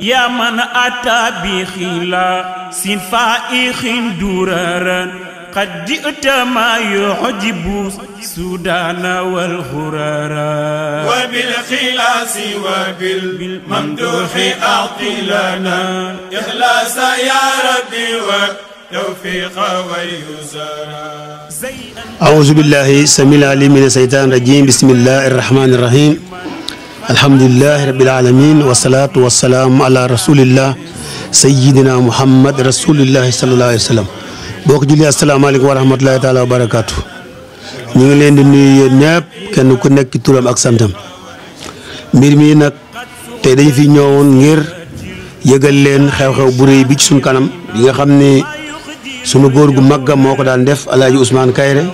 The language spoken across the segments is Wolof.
يا من أتى بخلاص فائخ درارا قد جئت ما يعجب السودان والغرارا وبالخلاص وبالممدوح أعطي لنا إخلاص يا ربي وتوفيق ويسارا أعوذ بالله السميع العليم من الشيطان الرجيم بسم الله الرحمن الرحيم alhamdulilahi rabil alamin wasalaatu wasalaamu ala rasulillah sayidina muhammad rasulillahi sallallahu alayhi wa salaam boo ko julli asalaamaaleykum wa rahmatullahi taala wa barakaatu ñu ngi leen di nuyu yéen ñëpp kenn ku nekk ci turam ak santam mbir mi nag tey dañu fi ñëwoon ngir yëgal leen xew-xew bu bi ci suñ kanam bi nga xam ni sunu góor gu màgga moo ko daan def alaaji Ousmane Kayre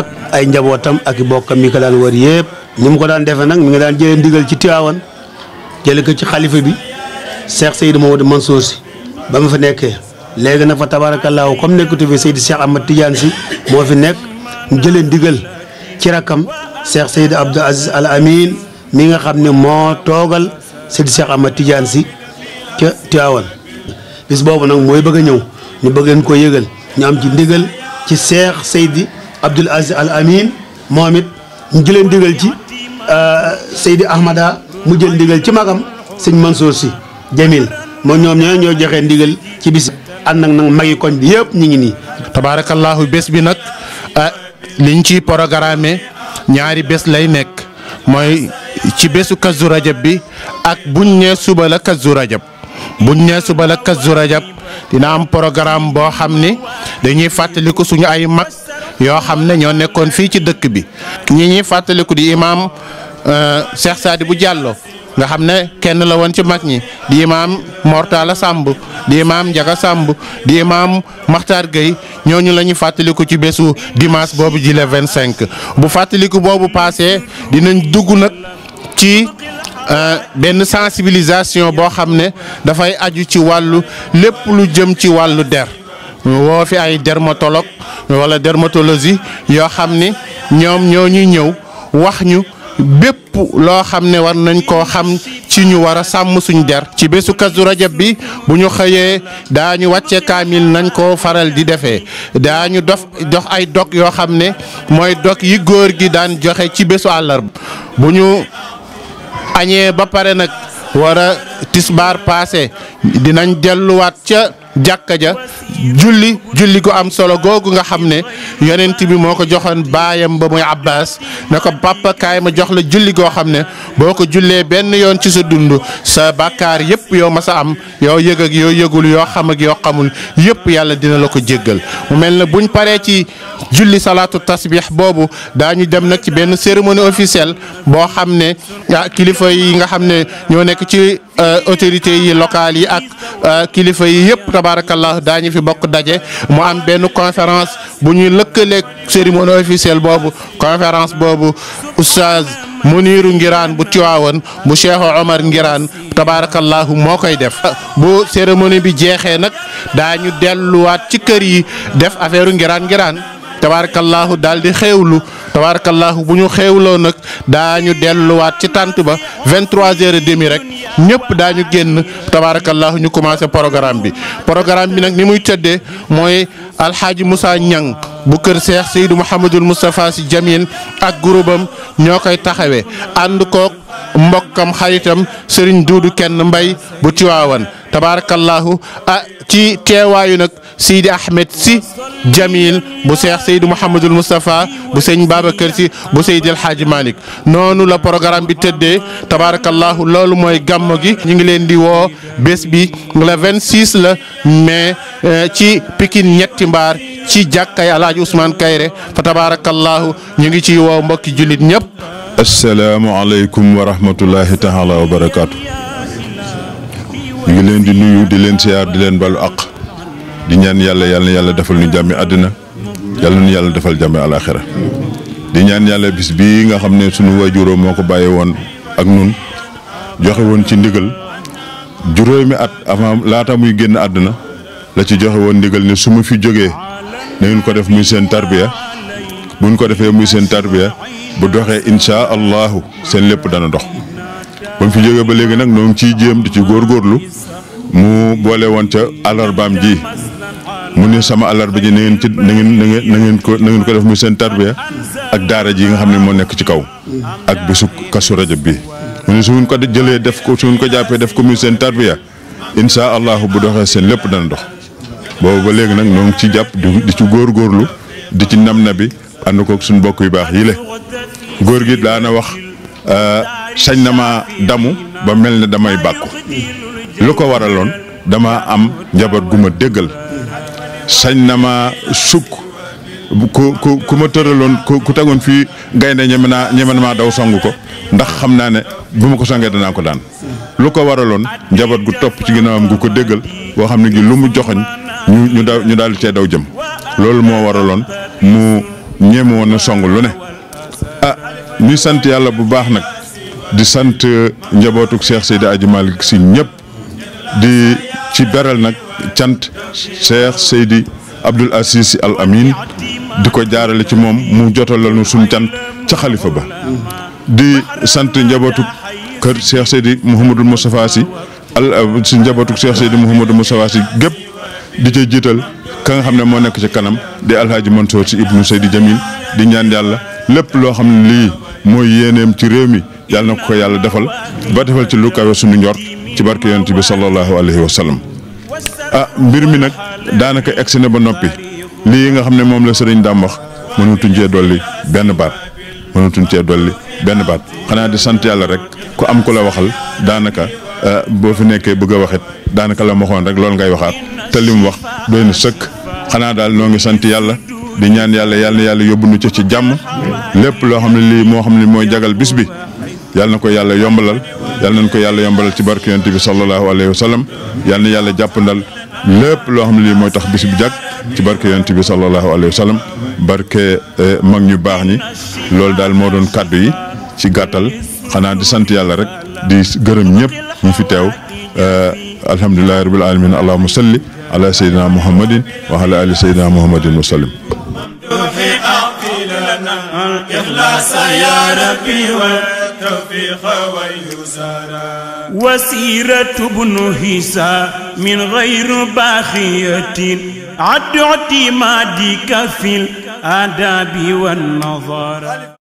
ak ay njabootam ak i bokkam yi ko daan wër yëpp ni mu ko daan defee nag mu nga daan jëlee ndigal ci Tiwaawan jële ko ci xalifa bi Cheikh Seydou Mamadou Mansour si ba mu fa nekkee léegi nag fa tabaarakallaahu comme nekkatu fi Seydou Cheikh Ahmad Tidiane si moo fi nekk mu jëlee ndigal ci rakkam Cheikh Seydou Abdou Aziz Al Amin mi nga xam ne moo toogal Seydou Cheikh Ahmad Tidiane si ca Tiwaawan bis boobu nag mooy bëgg a ñëw ñu bëgg leen ko yëgal ñu am ci ndigal ci Cheikh Seydou Abdoul Aziz Al Amin moom it ñu jëlee ndigal Euh, Seydi Ahmada mu jël ndigal ci magam sëñ soo si Jamil moo ñoom ñoo ñoo joxe ndigal ci bis ànd nag nag magi koñ bi yëpp ñu ngi nii. tabaarakallaahu bés bi nag ah, liñ ci programme ñaari bés lay nekk mooy ci bésu kazu rajab bi ak buñ nee suba la kazu rajab buñ nee suba la kazu rajab dina am programme boo xam ni dañuy fàttaliku suñu ay mag. yoo xam ne ñoo nekkoon fii ci dëkk bi ñi ñuy fàttaliku di imaam euh, Cheikh bu Diallo nga xam ne kenn la woon ci mag ñi di imaam Mortala sàmb di imaam Njaga sàmb di imaam maxtar Gueye ñooñu la ñu fàttaliku ci besu dimanche boobu ji le 25 bu fàttaliku boobu paase dinañ dugg nag ci euh, benn sensibilisation boo xam ne dafay aju ci wàllu lépp lu jëm ci wàllu der woo fi ay dermatologue wala dermatologie yoo xam ni ñoom ñoo ñuy ñëw wax ñu bépp loo xam ne war nañ koo xam ci ñu war a sàmm suñ der ci bésu kazu rajab bi bu ñu xëyee daañu wàcce kaamil nañ koo faral di defee daañu dof dox ay dog yoo xam ne mooy dog yi góor gi daan joxe ci bésu àllarba bu ñu añee ba pare nag war a tisbaar paase dinañ delluwaat ca jàkka ja julli julli gu am solo googu nga xam ne yonent bi moo ko joxoon baayam ba muy Abbas ne ko papa kaay ma jox la julli goo xam ne boo ko jullee benn yoon ci sa dund sa bakkaar yépp yow ma sa am yow yëg ak yow yëgul yoo xam ak xamul yépp yàlla dina la ko jéggal mu mel ne buñ paree ci julli salaatu tasbix boobu daañu dem nag ci benn cérémonie officielle boo xam ne ah, kilifa yi nga xam ne ñoo nekk ci euh, autorités yi locales yi ak euh, kilifa yi yépp tabarakallah daañu fi bokk bokk daje mu am benn conférence bu ñuy lëkkaleeg cérémonie officielle boobu conférence boobu oustaz Muniru Ngiraan bu Tiwaawan bu Cheikh Omar Ngiraan tabaarakallahu moo koy def. bu cérémonie bi jeexee nag daañu delluwaat ci kër yi def affaire ngiraan ngiraan. tabaarakallaahu daal di xéewlu tabaarakallaahu bu ñu xéewloo nag ñu delluwaat ci tànt ba 23 heures et demi rek ñëpp daañu génn tabaarakallaahu ñu commencé programme bi programme bi nag ni muy tëddee mooy alxaaji Moussa Niang bu kër Seex Seydou Mouhamadul Moustapha Sy Jamil ak groupam ñoo koy taxawee ànd kook mbokkam xaritam sëriñ duudu kenn mbay bu tiwaawan tabaarakallaahu ah ci teewaayu nag Seydi Ahmed si Jamil bu seex Seydi Mouhamadul Moustapha bu sëñ Babacar si bu Seydi El Hadj Malick noonu la programme bi tëddee tabaarakallaahu loolu mooy gàmmo gi ñu ngi leen di woo bés bi le 26 la mai eh, ci Pikine ñetti mbaar ci jàkkay Alaaji Ousmane Kayre fa tabaarakallaahu ñu ngi ci woo mbokki jullit ñëpp asalaamualeykum wa rahmatullahi taala wa barakaatu. ñu ngi leen di nuyu di leen siyaar di leen balu àq di ñaan yàlla yàlla yàlla defal nu jàmmi àddina yàlla nu yàlla defal jàmmi alaaxira di ñaan yàlla bis bii nga xam ne sunu waajuroo moo ko bàyyi woon ak nun joxe woon ci ndigal juróomi at avant laata muy génn àddina la ci joxe woon ndigal ne su ma fi jógee na ngeen ko def muy seen tarbiya buñ ko defee muy seen tarbiya bu doxee insha allahu seen lépp dana dox ba mu fi jógee ba léegi nag ñoo ngi ciy jéem di ci góorgóorlu mu boole woon ca alarbaam ji mu ne sama alarba ji na ngeen ci na ngeen na na ngeen ko na ngeen ko def muy seen tarbiya ak daara ji nga xam ne moo nekk ci kaw ak bésu kasu rajo bi mu ne su ngeen ko jëlee def ko su ngeen ko jàppee def ko muy seen tarbiya insha allahu bu doxee seen lépp dana dox boobu ba léegi nag ñoo ngi ci jàpp di ci góorlu di ci nam na bi ànd koog suñu bokk yu baax yi le góor gi daana wax euh, sañ na ma damu ba mel ne damay bàkku lu ko waraloon dama am njaboot gu ma déggal sañ na ma sukk ku ku ku ma tëraloon ku ku tegoon fii gaynde ñeme naa ñeme na maa daw song ko ndax xam naa ne bu ma ko songee danaa ko daan lu ko waraloon njaboot gu topp ci ginnaawam gu ko déggal boo xam ne gi lu mu joxoñ ñu ñu daw ñu daal cee daw jëm loolu moo waraloon mu ñeeme woon na song lu ne ah ñuy sant yàlla bu baax nag di sant njabootuk Cheikh Seydi Aji Malick si ñëpp di ci beral nag cant Cheikh Seydi Abdoul Aziz Al Amin di ko jaarale ci moom mu jotalal nu sum cant ca xalifa ba di sant njabootuk kër Cheikh Seydi Mouhamadou Moustapha si al si njabootuk Cheikh Seydi Mouhamadou Moustapha si gépp di ca jiital ka nga xam ne moo nekk ci kanam di alhaaji Mansour si ibnu di Jamil di ñaan yàlla lépp loo xam ne lii mooy yéeneem ci réew mi yàlla na ko ko yàlla defal ba defal ci lu kawe suñu ci barke yonent bi sallallahu alayhi wa sallam ah mbir mi nag daanaka egsi na ba noppi lii nga xam ne moom la sëriñ daam wax mënatuñ cee dolli benn baat mënatuñ cee dolli benn baat xanaa di sant yàlla rek ku am ku la waxal daanaka eh, boo fi nekkee bëgg a waxit daanaka la ma rek loolu ngay waxaat te li wax doy sëkk xanaa daal noo sant yàlla di ñaan yàlla yàlla yàlla yóbbu nu ci ci jàmm lépp loo xam ne lii moo xam ne mooy jagal bis bi yàlla na ko yàlla yombalal yàlla nañ ko yàlla yombalal ci barke yonent bi sallallahu alayhi wa sallam yàlla yàlla jàppandal lépp loo xam ne lii mooy tax bis bi jag ci barke yonent bi sallallahu alayhi wa sallam barke eh, mag ñu baax ñi loolu daal moo doon kàddu yi ci gàttal xanaa di sant yàlla rek di gërëm ñëpp ñu fi teew Eh, alhamdulilahi rabbil alamin allahumma salli ala sayyidina muhammadin wa ala ali sayyidina muhammadin wa sallim الإخلاص يا ربي والتوفيق واليسارى وسيرة بن هيسا من غير باخية عد اعتمادك في الآداب والنظارة